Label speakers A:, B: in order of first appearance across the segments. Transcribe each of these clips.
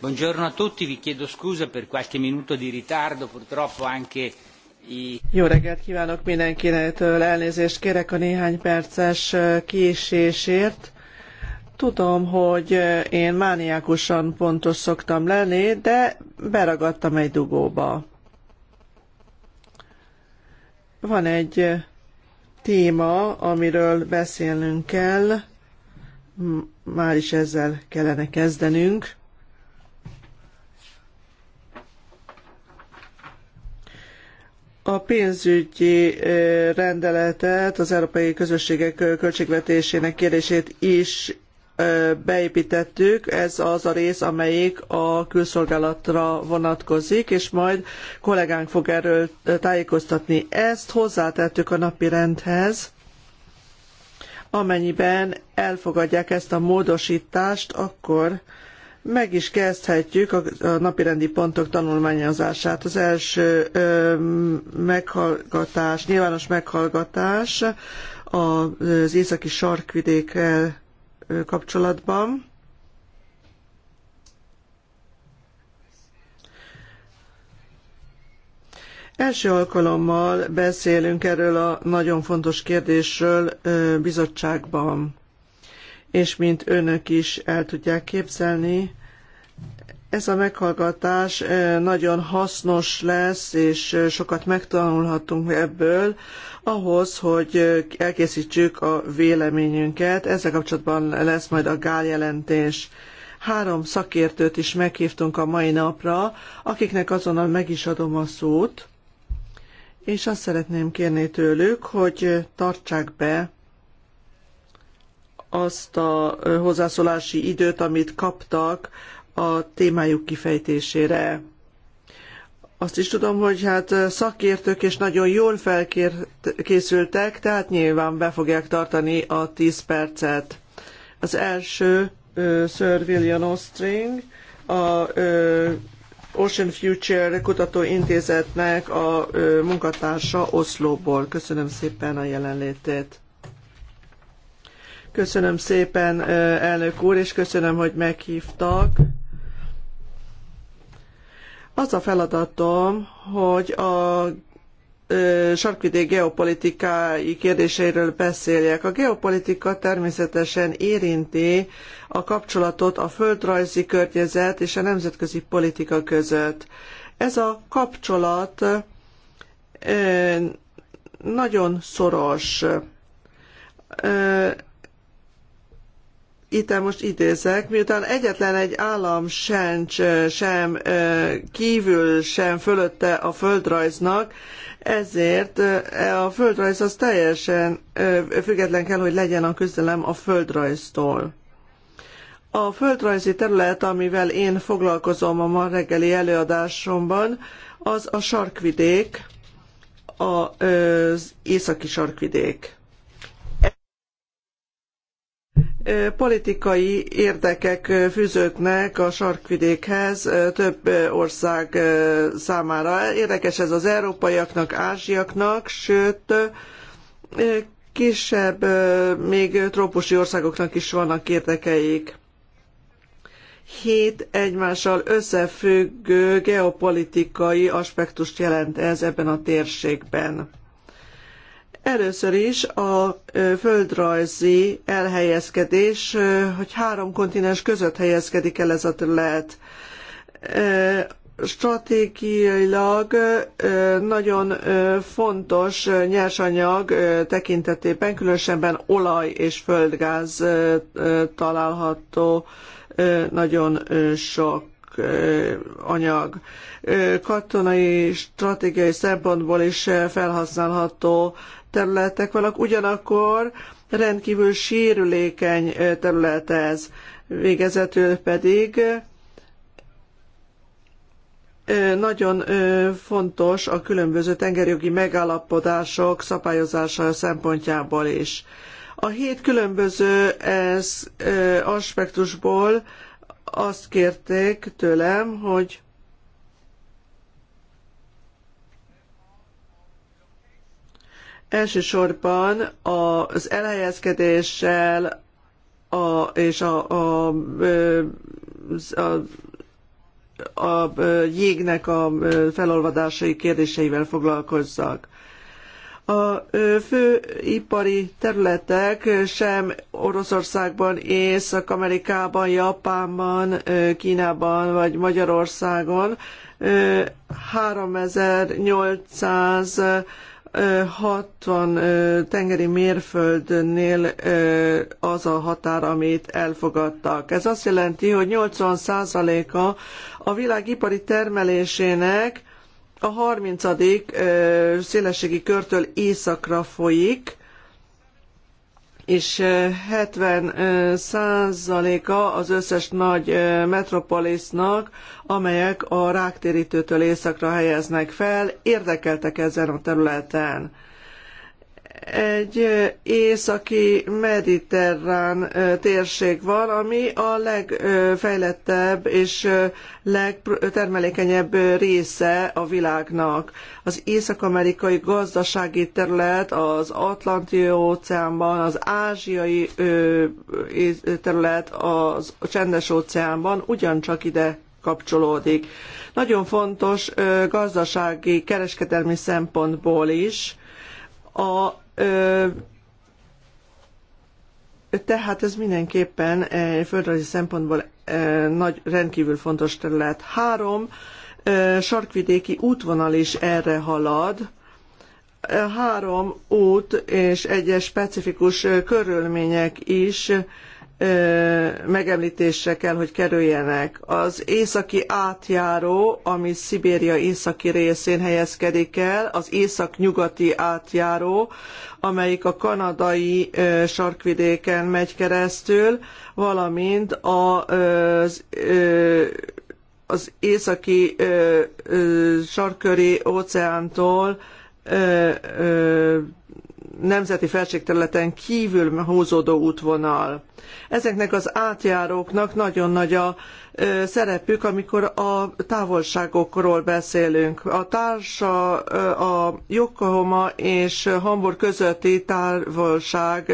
A: Buongiorno a tutti, vi chiedo scusa per qualche minuto di ritardo, purtroppo anche jó
B: reggelt kívánok mindenkinek, elnézést kérek a néhány perces késésért. Tudom, hogy én mániákusan pontos szoktam lenni, de beragadtam egy dugóba. Van egy téma, amiről beszélnünk kell, már is ezzel kellene kezdenünk. a pénzügyi rendeletet, az Európai Közösségek költségvetésének kérdését is beépítettük, ez az a rész, amelyik a külszolgálatra vonatkozik, és majd kollégánk fog erről tájékoztatni. Ezt hozzátettük a napi rendhez, amennyiben elfogadják ezt a módosítást, akkor meg is kezdhetjük a napirendi pontok tanulmányozását. Az első meghallgatás, nyilvános meghallgatás az északi sarkvidékkel kapcsolatban. Első alkalommal beszélünk erről a nagyon fontos kérdésről bizottságban és mint önök is el tudják képzelni, ez a meghallgatás eh, nagyon hasznos lesz, és eh, sokat megtanulhatunk ebből, ahhoz, hogy eh, elkészítsük a véleményünket. Ezzel kapcsolatban lesz majd a gál jelentés. Három szakértőt is meghívtunk a mai napra, akiknek azonnal meg is adom a szót, és azt szeretném kérni tőlük, hogy tartsák be azt a hozzászólási időt, amit kaptak a témájuk kifejtésére. Azt is tudom, hogy hát szakértők és nagyon jól felkészültek, tehát nyilván be fogják tartani a 10 percet. Az első Sir William Ostring, a Ocean Future Kutatóintézetnek a munkatársa Oszlóból. Köszönöm szépen a jelenlétét. Köszönöm szépen, elnök úr, és köszönöm, hogy meghívtak. Az a feladatom, hogy a sarkvidék geopolitikai kérdéseiről beszéljek. A geopolitika természetesen érinti a kapcsolatot a földrajzi környezet és a nemzetközi politika között. Ez a kapcsolat nagyon szoros itt most idézek, miután egyetlen egy állam sencs, sem kívül, sem fölötte a földrajznak, ezért a földrajz az teljesen független kell, hogy legyen a küzdelem a földrajztól. A földrajzi terület, amivel én foglalkozom a ma reggeli előadásomban, az a sarkvidék, az északi sarkvidék. Politikai érdekek fűződnek a sarkvidékhez több ország számára. Érdekes ez az európaiaknak, ázsiaknak, sőt kisebb, még trópusi országoknak is vannak érdekeik. Hét egymással összefüggő geopolitikai aspektust jelent ez ebben a térségben. Először is a földrajzi elhelyezkedés, hogy három kontinens között helyezkedik el ez a terület. Stratégiailag nagyon fontos nyersanyag tekintetében, különösen olaj és földgáz található nagyon sok anyag. Katonai stratégiai szempontból is felhasználható területek vannak, ugyanakkor rendkívül sérülékeny terület ez. Végezetül pedig nagyon fontos a különböző tengerjogi megállapodások szabályozása szempontjából is. A hét különböző ez aspektusból azt kérték tőlem, hogy Elsősorban az elhelyezkedéssel a, és a, a, a, a jégnek a felolvadásai kérdéseivel foglalkozzak a fő ipari területek sem Oroszországban, Észak-Amerikában, Japánban, Kínában vagy Magyarországon 3800 60 tengeri mérföldnél az a határ, amit elfogadtak. Ez azt jelenti, hogy 80%-a a világipari termelésének a 30. szélességi körtől északra folyik, és 70 eh, eh, százaléka az összes nagy eh, metropolisznak, amelyek a ráktérítőtől északra helyeznek fel, érdekeltek ezen a területen egy északi mediterrán térség van, ami a legfejlettebb és legtermelékenyebb része a világnak. Az észak-amerikai gazdasági terület az Atlanti-óceánban, az ázsiai terület az Csendes-óceánban ugyancsak ide kapcsolódik. Nagyon fontos gazdasági, kereskedelmi szempontból is, a tehát ez mindenképpen földrajzi szempontból nagy, rendkívül fontos terület. Három sarkvidéki útvonal is erre halad. Három út és egyes specifikus körülmények is megemlítésre kell, hogy kerüljenek. Az északi átjáró, ami Szibéria északi részén helyezkedik el, az észak-nyugati átjáró, amelyik a kanadai sarkvidéken megy keresztül, valamint az, az északi sarköri óceántól nemzeti felségterületen kívül húzódó útvonal. Ezeknek az átjáróknak nagyon nagy a szerepük, amikor a távolságokról beszélünk. A társa, a Yokohama és Hamburg közötti távolság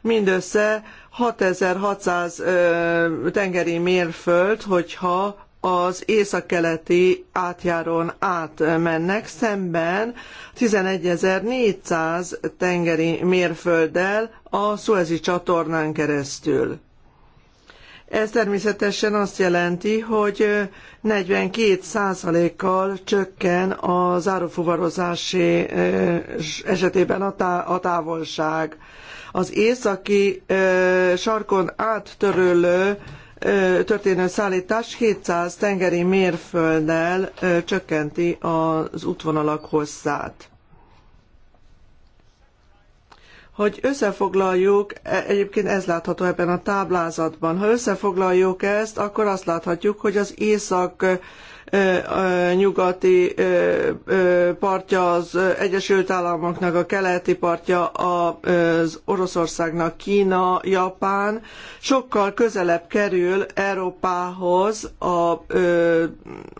B: mindössze 6600 tengeri mérföld, hogyha az északkeleti átjárón átmennek szemben 11.400 tengeri mérfölddel a Suezi csatornán keresztül. Ez természetesen azt jelenti, hogy 42%-kal csökken az árufuvarozási esetében a, távolság. Az északi sarkon áttörölő történő szállítás 700 tengeri mérfölddel csökkenti az útvonalak hosszát. Hogy összefoglaljuk, e, egyébként ez látható ebben a táblázatban, ha összefoglaljuk ezt, akkor azt láthatjuk, hogy az észak nyugati partja az Egyesült Államoknak, a keleti partja az Oroszországnak, Kína, Japán, sokkal közelebb kerül Európához, a,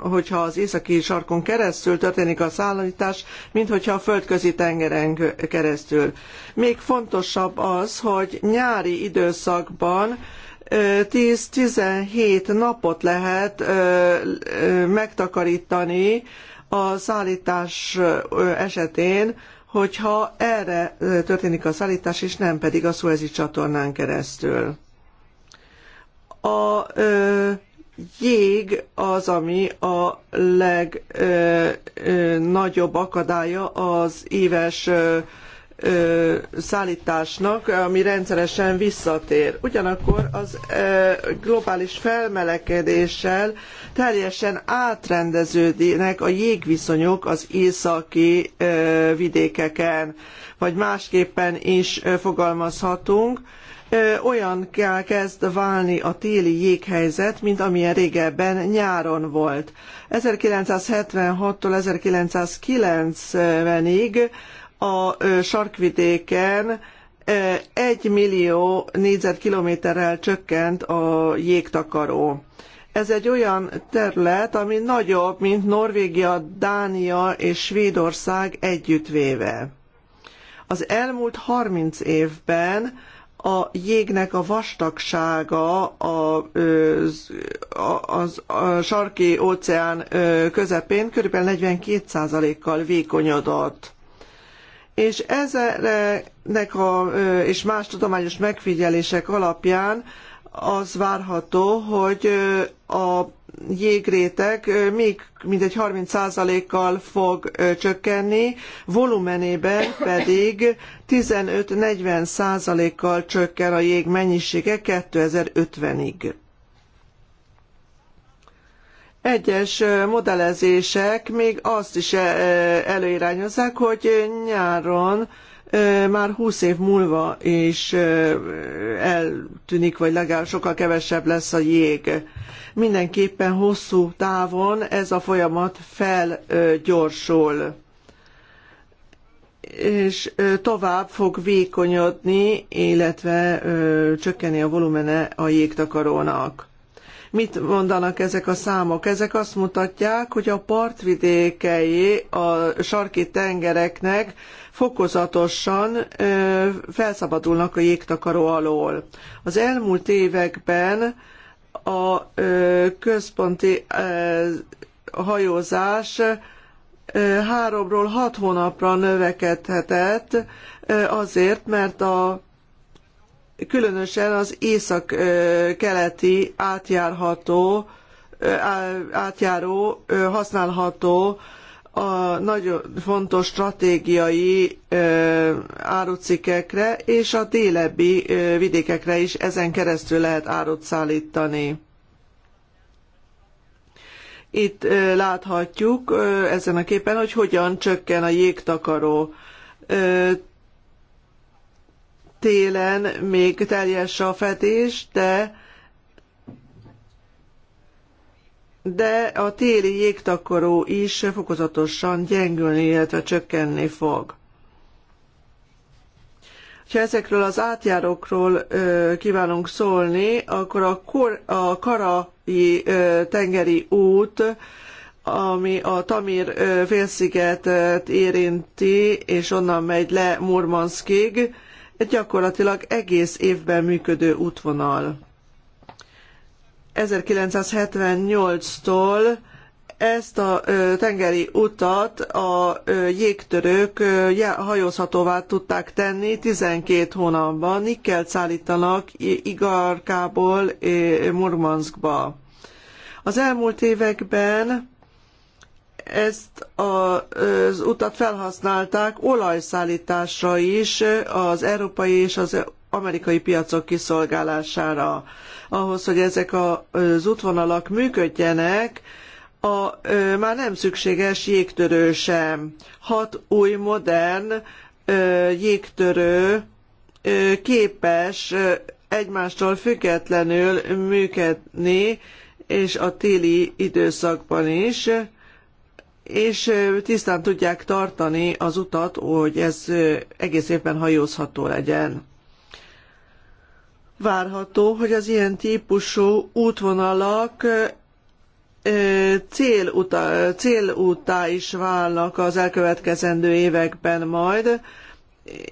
B: hogyha az északi sarkon keresztül történik a szállítás, mint hogyha a földközi tengeren keresztül. Még fontosabb az, hogy nyári időszakban 10-17 napot lehet megtakarítani a szállítás esetén, hogyha erre történik a szállítás, és nem pedig a szuezi csatornán keresztül. A jég az, ami a legnagyobb akadálya az éves ö, szállításnak, ami rendszeresen visszatér. Ugyanakkor az ö, globális felmelegedéssel teljesen átrendeződnek a jégviszonyok az északi ö, vidékeken, vagy másképpen is ö, fogalmazhatunk, olyan kell kezd válni a téli jéghelyzet, mint amilyen régebben nyáron volt. 1976-tól 1990-ig a sarkvidéken egy millió négyzetkilométerrel csökkent a jégtakaró. Ez egy olyan terület, ami nagyobb, mint Norvégia, Dánia és Svédország együttvéve. Az elmúlt 30 évben a jégnek a vastagsága a, az, a sarki óceán közepén körülbelül 42%-kal vékonyodott és ezeknek a, és más tudományos megfigyelések alapján az várható, hogy a jégréteg még mindegy 30%-kal fog csökkenni, volumenében pedig 15-40%-kal csökken a jég mennyisége 2050-ig egyes modellezések még azt is előirányozzák, hogy nyáron már 20 év múlva is eltűnik, vagy legalább sokkal kevesebb lesz a jég. Mindenképpen hosszú távon ez a folyamat felgyorsul és tovább fog vékonyodni, illetve csökkenni a volumene a jégtakarónak. Mit mondanak ezek a számok? Ezek azt mutatják, hogy a partvidékei a sarki tengereknek fokozatosan ö, felszabadulnak a jégtakaró alól. Az elmúlt években a ö, központi ö, hajózás háromról hat hónapra növekedhetett, azért, mert a különösen az észak-keleti átjárható, átjáró, használható a nagyon fontos stratégiai árucikkekre, és a délebbi vidékekre is ezen keresztül lehet árut szállítani. Itt láthatjuk ezen a képen, hogy hogyan csökken a jégtakaró télen még teljes a fedés, de de a téli jégtakaró is fokozatosan gyengülni, illetve csökkenni fog. Ha ezekről az átjárókról ö, kívánunk szólni, akkor a, kor, a karai ö, tengeri út, ami a Tamir ö, félszigetet érinti, és onnan megy le Murmanskig, egy gyakorlatilag egész évben működő útvonal. 1978-tól ezt a tengeri utat a jégtörők hajózhatóvá tudták tenni 12 hónapban. Nikkelt szállítanak Igarkából Murmanskba. Az elmúlt években ezt az utat felhasználták olajszállításra is az európai és az amerikai piacok kiszolgálására. Ahhoz, hogy ezek az útvonalak működjenek, a, ö, már nem szükséges jégtörő sem. Hat új modern ö, jégtörő ö, képes ö, egymástól függetlenül működni, és a téli időszakban is és tisztán tudják tartani az utat, hogy ez egész évben hajózható legyen. Várható, hogy az ilyen típusú útvonalak célúttá is válnak az elkövetkezendő években majd,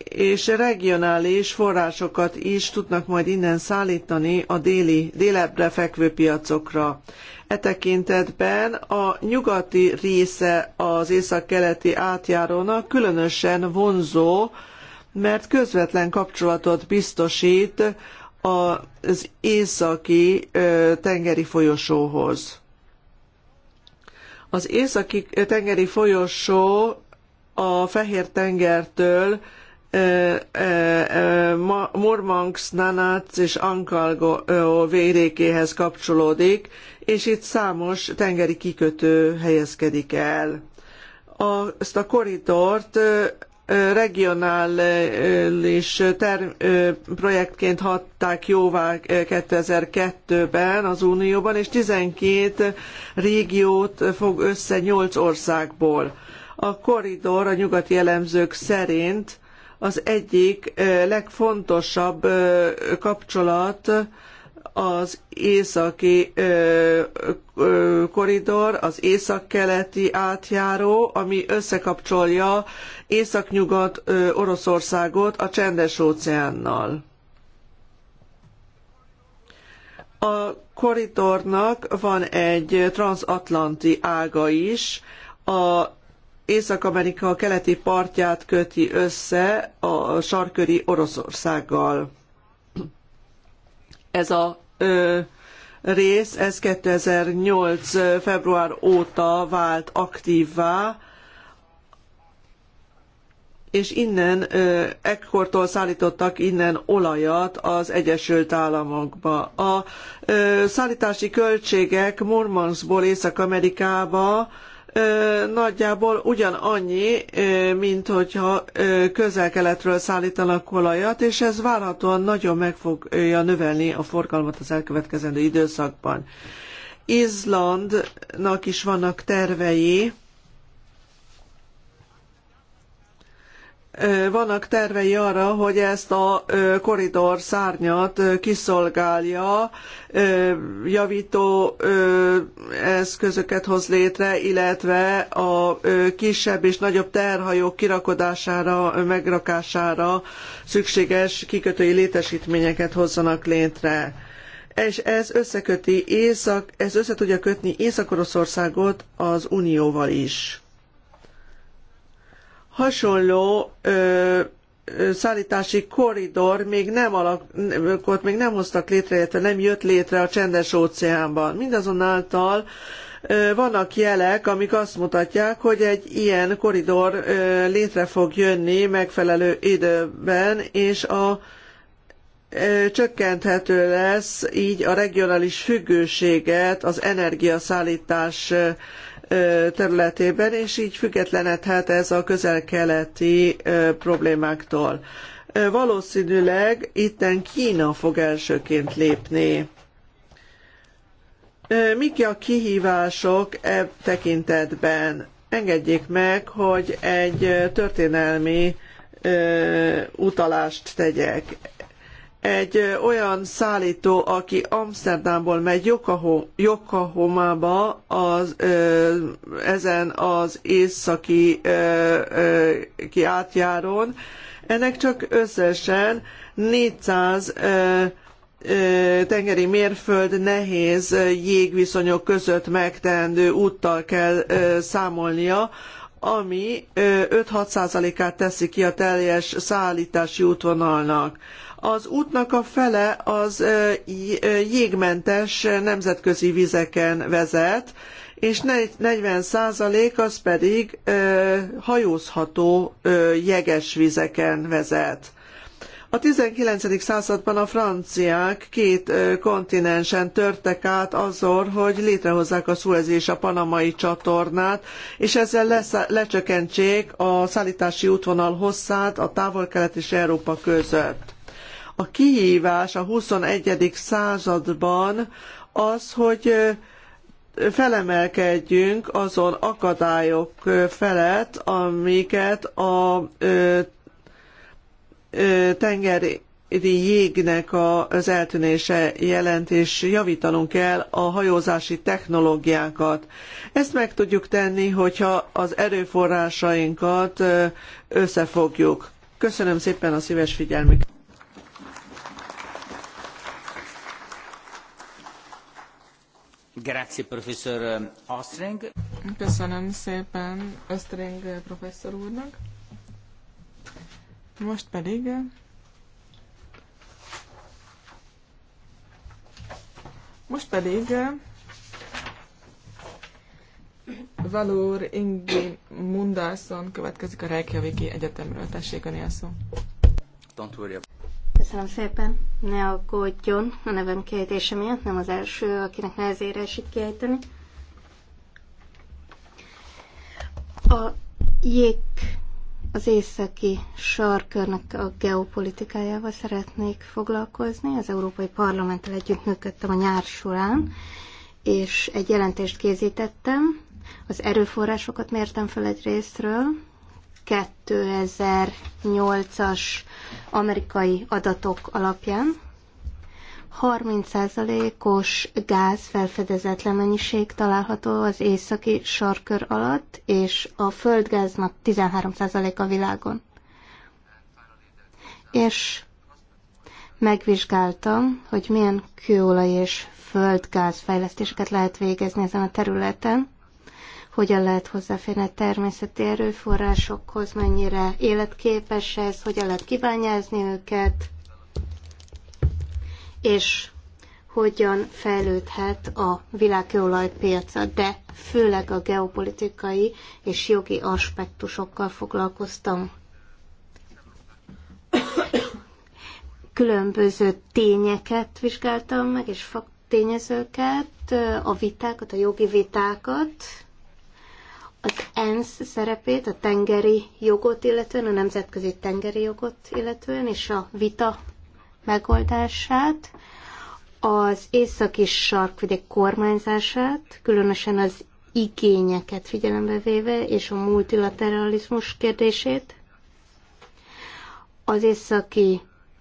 B: és regionális forrásokat is tudnak majd innen szállítani a déli, délebbre fekvő piacokra. E tekintetben a nyugati része az északkeleti átjárónak különösen vonzó, mert közvetlen kapcsolatot biztosít az északi tengeri folyosóhoz. Az északi tengeri folyosó a Fehér tengertől Mormanx, Nanac és Ankalgo vérékéhez kapcsolódik, és itt számos tengeri kikötő helyezkedik el. A, ezt a korridort regionális ter, projektként hatták jóvá 2002-ben az Unióban, és 12 régiót fog össze 8 országból. A korridor a nyugati elemzők szerint az egyik legfontosabb kapcsolat az északi koridor, az északkeleti átjáró, ami összekapcsolja északnyugat Oroszországot a Csendes-óceánnal. A koridornak van egy transatlanti ága is, a Észak-Amerika keleti partját köti össze a sarköri Oroszországgal. Ez a ö, rész, ez 2008. február óta vált aktívvá, és innen, ekkortól szállítottak innen olajat az Egyesült Államokba. A szállítási költségek Murmanskból Észak-Amerikába nagyjából ugyanannyi, mint hogyha közel-keletről szállítanak olajat, és ez várhatóan nagyon meg fogja növelni a forgalmat az elkövetkezendő időszakban. Izlandnak is vannak tervei, vannak tervei arra, hogy ezt a koridor szárnyat kiszolgálja, javító eszközöket hoz létre, illetve a kisebb és nagyobb terhajók kirakodására, megrakására szükséges kikötői létesítményeket hozzanak létre. És ez összeköti Észak, ez össze tudja kötni Észak-Oroszországot az Unióval is hasonló ö, szállítási korridor még nem alakult, még nem hoztak létre, illetve nem jött létre a csendes óceánban. Mindazonáltal vannak jelek, amik azt mutatják, hogy egy ilyen koridor létre fog jönni megfelelő időben, és a csökkenthető lesz így a regionális függőséget az energiaszállítás területében, és így függetlenedhet hát ez a közel-keleti problémáktól. Valószínűleg itten Kína fog elsőként lépni. Mik a kihívások e tekintetben? Engedjék meg, hogy egy történelmi utalást tegyek egy olyan szállító, aki Amsterdamból megy Yokohamába az, ezen az északi ö, ki átjáron, ennek csak összesen 400 ö, tengeri mérföld nehéz jégviszonyok között megteendő úttal kell számolnia, ami 5-6 százalékát teszi ki a teljes szállítási útvonalnak. Az útnak a fele az jégmentes nemzetközi vizeken vezet, és 40 százalék az pedig hajózható jeges vizeken vezet. A 19. században a franciák két kontinensen törtek át azon, hogy létrehozzák a Suez és a panamai csatornát, és ezzel lesz, lecsökkentsék a szállítási útvonal hosszát a távol-kelet és Európa között. A kihívás a 21. században az, hogy felemelkedjünk azon akadályok felett, amiket a tengeri jégnek az eltűnése jelent, és javítanunk kell a hajózási technológiákat. Ezt meg tudjuk tenni, hogyha az erőforrásainkat összefogjuk. Köszönöm szépen a szíves figyelmüket!
A: Grazie, Professor Ostring.
C: Köszönöm szépen Ostring professzor úrnak. Most pedig Most pedig Valór Ingi Mundalson következik a Reykjaviki Egyetemről. Tessék a szó. Köszönöm
A: szépen. Ne
C: aggódjon
A: a nevem kiejtése miatt, nem az első, akinek nehezére esik kiejteni. A jég az északi sarkörnek a geopolitikájával szeretnék foglalkozni. Az Európai Parlamenttel működtem a nyár során, és egy jelentést készítettem. Az erőforrásokat mértem fel egy részről, 2008-as amerikai adatok alapján, 30%-os gáz felfedezetlen mennyiség található az északi sarkör alatt, és a földgáznak 13% a világon. És megvizsgáltam, hogy milyen kőolaj és földgáz fejlesztéseket lehet végezni ezen a területen, hogyan lehet hozzáférni a természeti erőforrásokhoz, mennyire életképes ez, hogyan lehet kibányázni őket, és hogyan fejlődhet a világkőolajpiaca, de főleg a geopolitikai és jogi aspektusokkal foglalkoztam. Különböző tényeket vizsgáltam meg, és tényezőket, a vitákat, a jogi vitákat, az ENSZ szerepét, a tengeri jogot illetően, a nemzetközi tengeri jogot illetően, és a vita megoldását, az északi sarkvidék kormányzását, különösen az igényeket figyelembe véve, és a multilateralizmus kérdését, az északi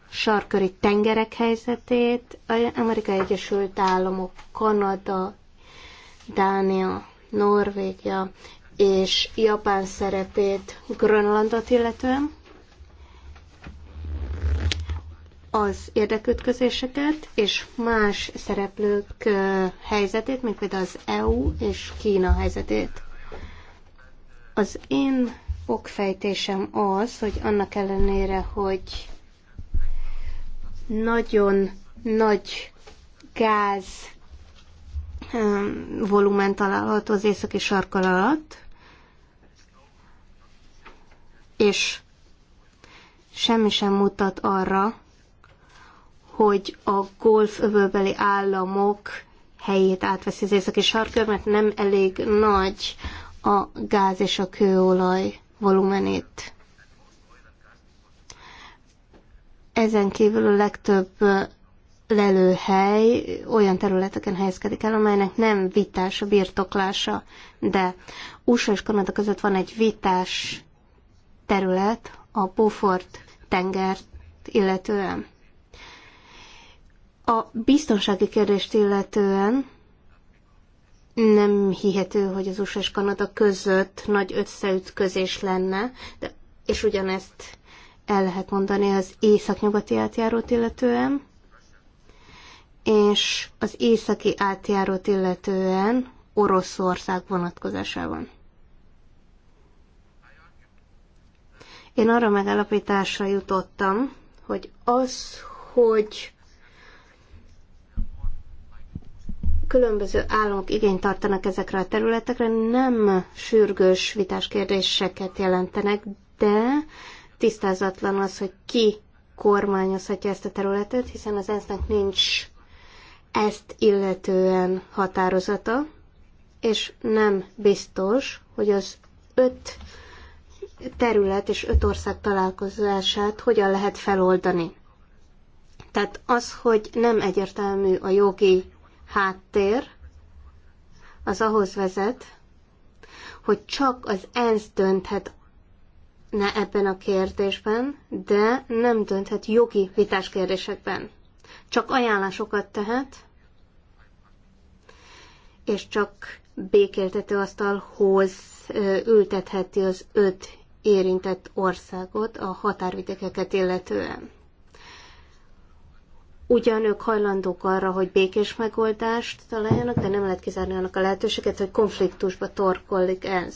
A: sarköri tengerek helyzetét, Amerikai Egyesült Államok, Kanada, Dánia, Norvégia és Japán szerepét Grönlandot illetően, az érdekütközéseket és más szereplők helyzetét, mint például az EU és Kína helyzetét. Az én okfejtésem az, hogy annak ellenére, hogy nagyon nagy gáz volumen található az északi sarkal alatt, és semmi sem mutat arra, hogy a golf övölbeli államok helyét átveszi az északi sarkör, mert nem elég nagy a gáz és a kőolaj volumenét. Ezen kívül a legtöbb lelőhely olyan területeken helyezkedik el, amelynek nem vitás a birtoklása, de USA és Kanada között van egy vitás terület a Beaufort tengert illetően. A biztonsági kérdést illetően nem hihető, hogy az USA és Kanada között nagy összeütközés lenne, de, és ugyanezt el lehet mondani az északnyugati átjárót illetően, és az északi átjárót illetően Oroszország vonatkozásában. Én arra megállapításra jutottam, hogy az, hogy különböző államok igényt tartanak ezekre a területekre, nem sürgős vitás kérdéseket jelentenek, de tisztázatlan az, hogy ki kormányozhatja ezt a területet, hiszen az ensz nincs ezt illetően határozata, és nem biztos, hogy az öt terület és öt ország találkozását hogyan lehet feloldani. Tehát az, hogy nem egyértelmű a jogi háttér az ahhoz vezet, hogy csak az ENSZ dönthet ne ebben a kérdésben, de nem dönthet jogi vitás kérdésekben. Csak ajánlásokat tehet, és csak békéltető asztalhoz ültetheti az öt érintett országot a határvidékeket illetően. Ugyan ők hajlandók arra, hogy békés megoldást találjanak, de nem lehet kizárni annak a lehetőséget, hogy konfliktusba torkollik ez.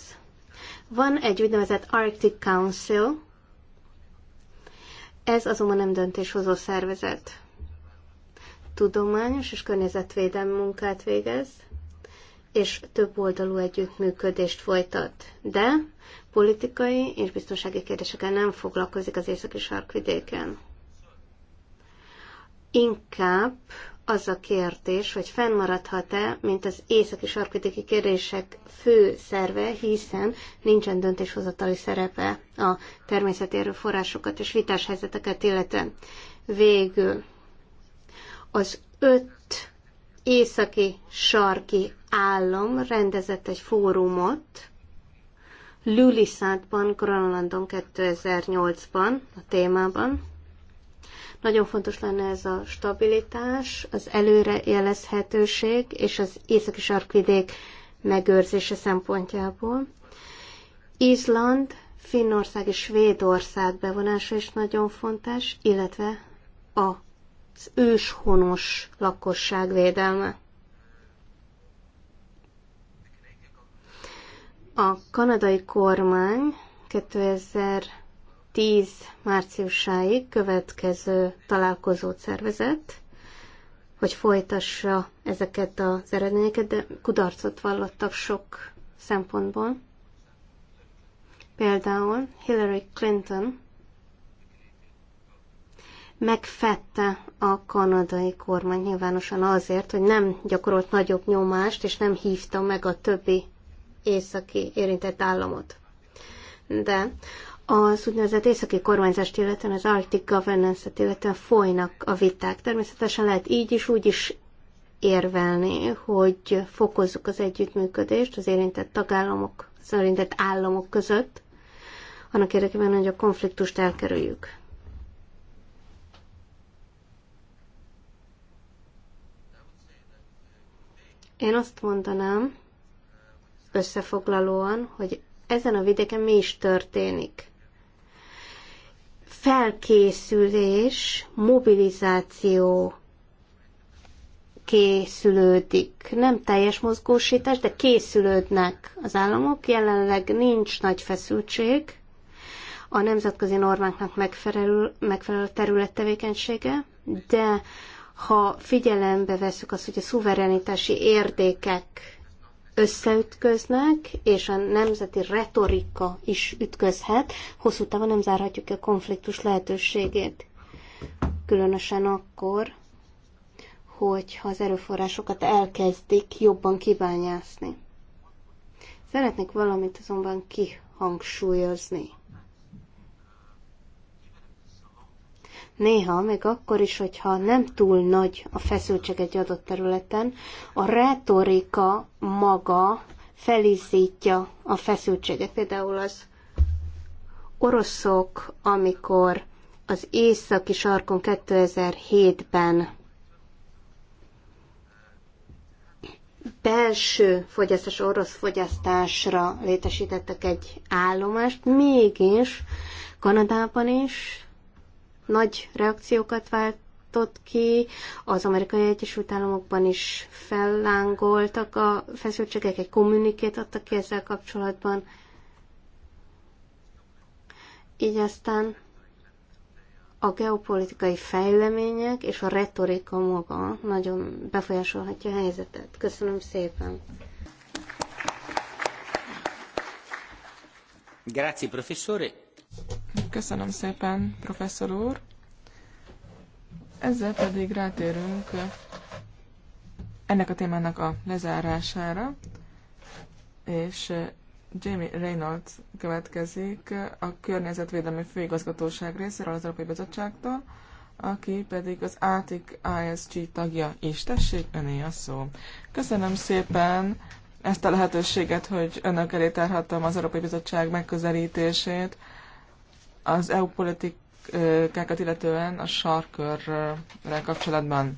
A: Van egy úgynevezett Arctic Council, ez azonban nem döntéshozó szervezet. Tudományos és környezetvédelmi munkát végez, és több oldalú együttműködést folytat. De politikai és biztonsági kérdésekkel nem foglalkozik az északi sarkvidéken inkább az a kérdés, hogy fennmaradhat-e, mint az északi sarkvidéki kérdések fő szerve, hiszen nincsen döntéshozatali szerepe a természeti erőforrásokat és vitás helyzeteket illetően. Végül az öt északi sarki állam rendezett egy fórumot Lulisátban, Grönlandon 2008-ban a témában, nagyon fontos lenne ez a stabilitás, az előrejelezhetőség és az északi sarkvidék megőrzése szempontjából. Izland, Finnország és Svédország bevonása is nagyon fontos, illetve az őshonos lakosság védelme. A kanadai kormány 2000 10 márciusáig következő találkozót szervezett, hogy folytassa ezeket az eredményeket, de kudarcot vallottak sok szempontból. Például Hillary Clinton megfette a kanadai kormány nyilvánosan azért, hogy nem gyakorolt nagyobb nyomást, és nem hívta meg a többi északi érintett államot. De az úgynevezett északi kormányzást illetően, az Arctic Governance-et illetően folynak a viták. Természetesen lehet így is, úgy is érvelni, hogy fokozzuk az együttműködést az érintett tagállamok, az érintett államok között, annak érdekében, hogy a konfliktust elkerüljük. Én azt mondanám, összefoglalóan, hogy ezen a vidéken mi is történik felkészülés, mobilizáció készülődik. Nem teljes mozgósítás, de készülődnek az államok. Jelenleg nincs nagy feszültség a nemzetközi normáknak megfelelő, megfelelő terület tevékenysége, de ha figyelembe veszük azt, hogy a szuverenitási érdékek összeütköznek, és a nemzeti retorika is ütközhet, hosszú távon nem zárhatjuk ki a konfliktus lehetőségét. Különösen akkor, hogyha az erőforrásokat elkezdik jobban kibányászni. Szeretnék valamit azonban kihangsúlyozni. néha, még akkor is, hogyha nem túl nagy a feszültség egy adott területen, a retorika maga felizítja a feszültséget. Például az oroszok, amikor az északi sarkon 2007-ben belső fogyasztás, orosz fogyasztásra létesítettek egy állomást, mégis Kanadában is, nagy reakciókat vált ki, az amerikai Egyesült Államokban is fellángoltak a feszültségek, egy kommunikét adtak ki ezzel kapcsolatban. Így aztán a geopolitikai fejlemények és a retorika maga nagyon befolyásolhatja a helyzetet. Köszönöm szépen! Grazie, professore.
C: Köszönöm szépen, professzor úr. Ezzel pedig rátérünk ennek a témának a lezárására, és Jamie Reynolds következik a Környezetvédelmi Főigazgatóság részéről az Európai Bizottságtól, aki pedig az Átik ISG tagja is. Tessék, öné a szó. Köszönöm szépen ezt a lehetőséget, hogy önök elé tárhattam az Európai Bizottság megközelítését az EU politikákat illetően a sarkörrel kapcsolatban.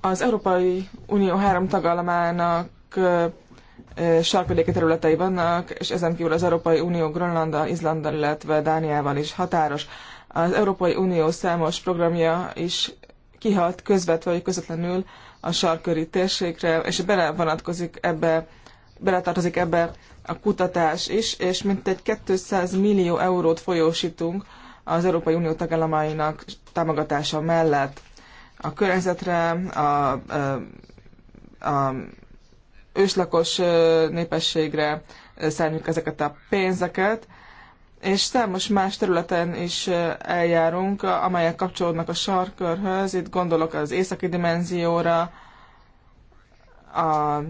C: Az Európai Unió három tagállamának sarkvidéki területei vannak, és ezen kívül az Európai Unió Grönlanddal, Izlanddal, illetve Dániával is határos. Az Európai Unió számos programja is kihat közvetve vagy közvetlenül a sarköri térségre, és bele vonatkozik ebbe beletartozik ebbe a kutatás is, és mintegy 200 millió eurót folyósítunk az Európai Unió tagállamainak támogatása mellett a környezetre, a, a, a őslakos népességre szálljuk ezeket a pénzeket, és számos más területen is eljárunk, amelyek kapcsolódnak a sarkörhöz. Itt gondolok az északi dimenzióra, a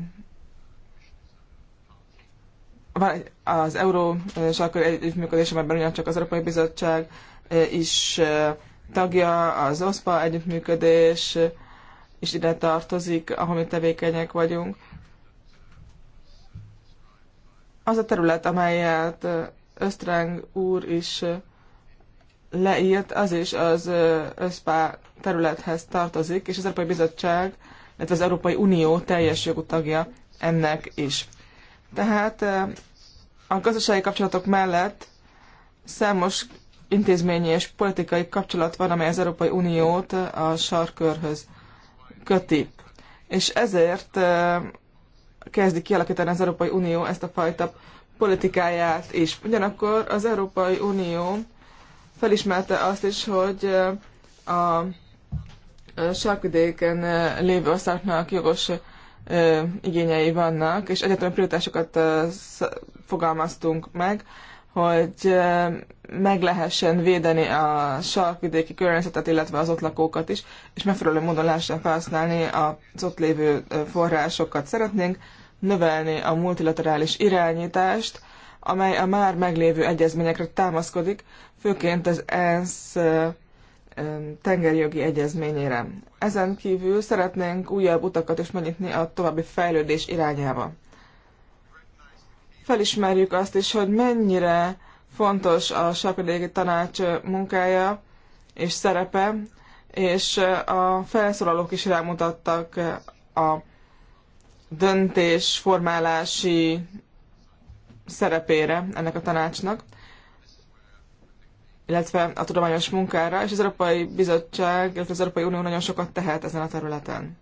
C: az euró sarkör együttműködésében belül csak az Európai Bizottság is tagja, az OSPA együttműködés is ide tartozik, ahol mi tevékenyek vagyunk. Az a terület, amelyet Ösztreng úr is leírt, az is az ÖSPA területhez tartozik, és az Európai Bizottság, illetve az Európai Unió teljes jogú tagja ennek is. Tehát a gazdasági kapcsolatok mellett számos intézményi és politikai kapcsolat van, amely az Európai Uniót a sarkörhöz köti. És ezért kezdik kialakítani az Európai Unió ezt a fajta politikáját is. Ugyanakkor az Európai Unió felismerte azt is, hogy a sarkvidéken lévő országnak jogos ö, igényei vannak, és egyetemi prioritásokat ö, fogalmaztunk meg, hogy ö, meg lehessen védeni a sarkvidéki környezetet, illetve az ott lakókat is, és megfelelő módon lehessen felhasználni az ott lévő forrásokat. Szeretnénk növelni a multilaterális irányítást, amely a már meglévő egyezményekre támaszkodik, főként az ENSZ tengerjogi egyezményére. Ezen kívül szeretnénk újabb utakat is megnyitni a további fejlődés irányába. Felismerjük azt is, hogy mennyire fontos a sarkadéki tanács munkája és szerepe, és a felszólalók is rámutattak a döntésformálási szerepére ennek a tanácsnak illetve a tudományos munkára, és az Európai Bizottság, illetve az Európai Unió nagyon sokat tehet ezen a területen.